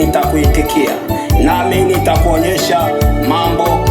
nitakuitikia, nami nitakuonyesha mambo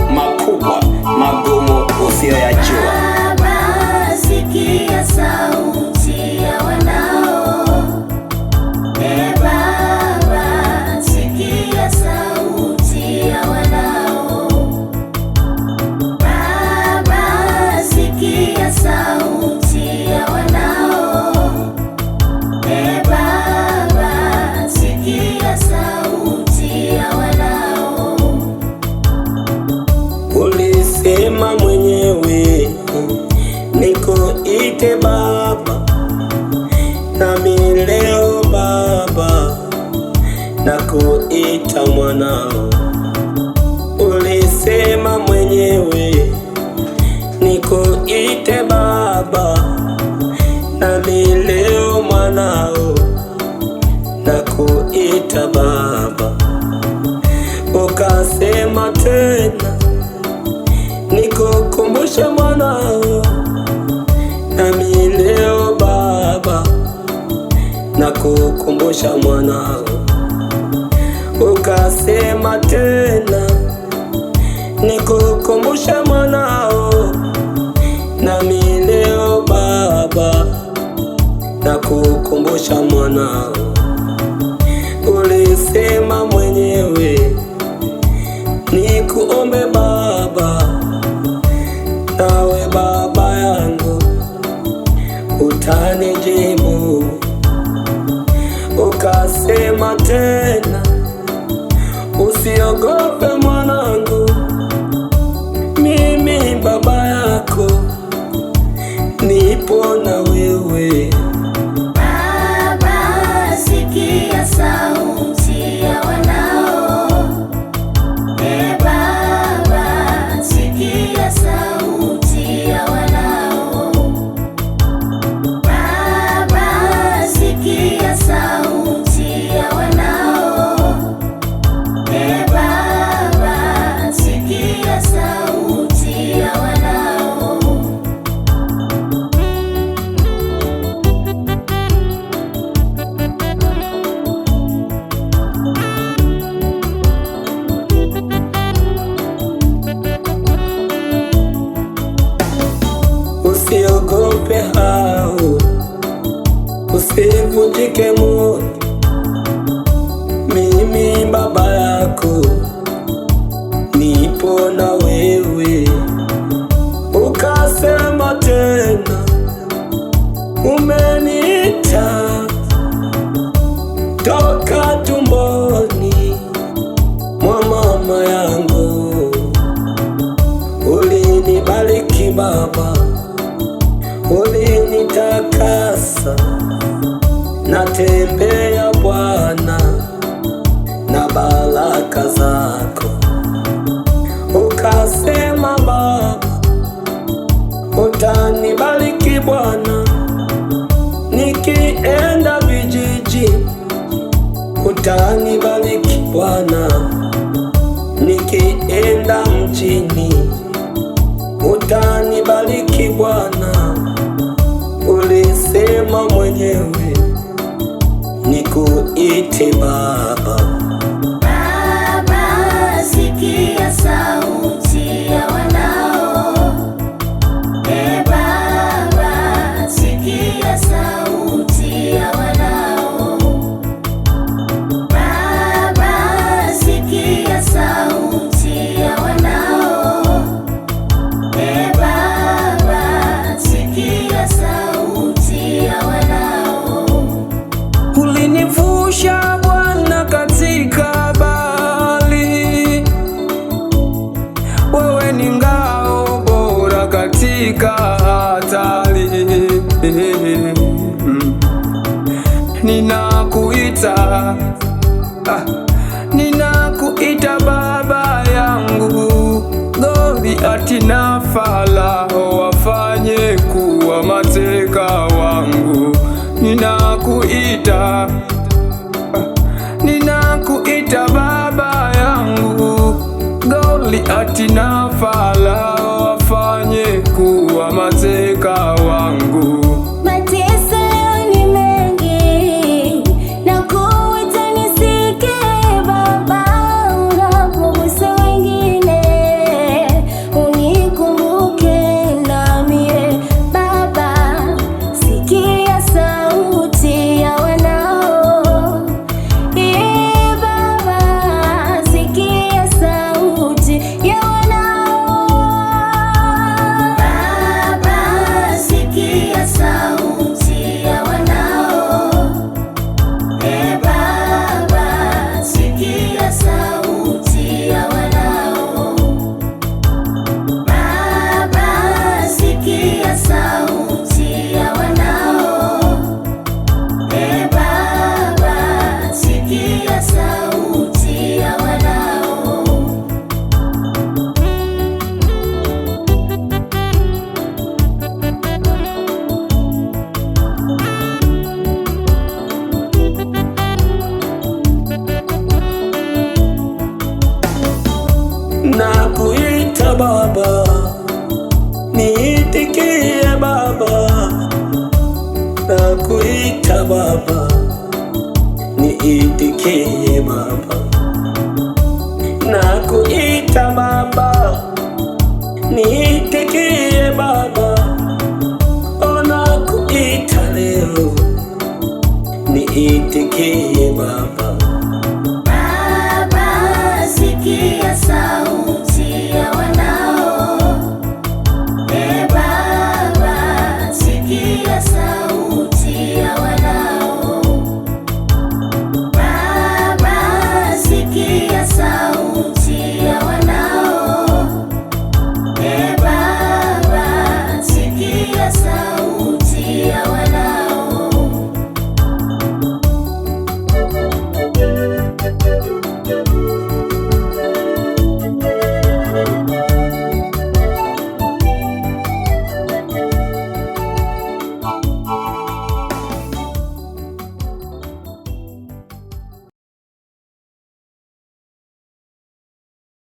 baba, nami leo baba nakuita mwanao. Ulisema mwenyewe nikuite baba, nami leo mwanao nakuita baba, ukasema nami leo Baba na kukumbusha mwanao, ukasema tena nikukumbusha mwanao, nami leo Baba na kukumbusha mwanao tena, usiogope mwanangu, mimi baba yako nipo na wewe. waume hao, usivunjike moyo, mimi baba yako nipo na wewe. Ukasema tena tembea Bwana na baraka zako. Ukasema Baba utanibariki Bwana, nikienda vijiji utanibariki Bwana, nikienda mjini utanibariki Bwana, ulisema mwenyewe itiba katika hatari mm. ninakuita, ah, ninakuita baba yangu Goliati na Farao wafanye kuwa mateka wangu, ninakuita ah, ninakuita baba yangu Goliati na Baba, niitikie Baba, nakuita Baba, niitikie Baba, nakuita Baba, niitikie Baba, onakuita oh, kuita leo, niitikie Baba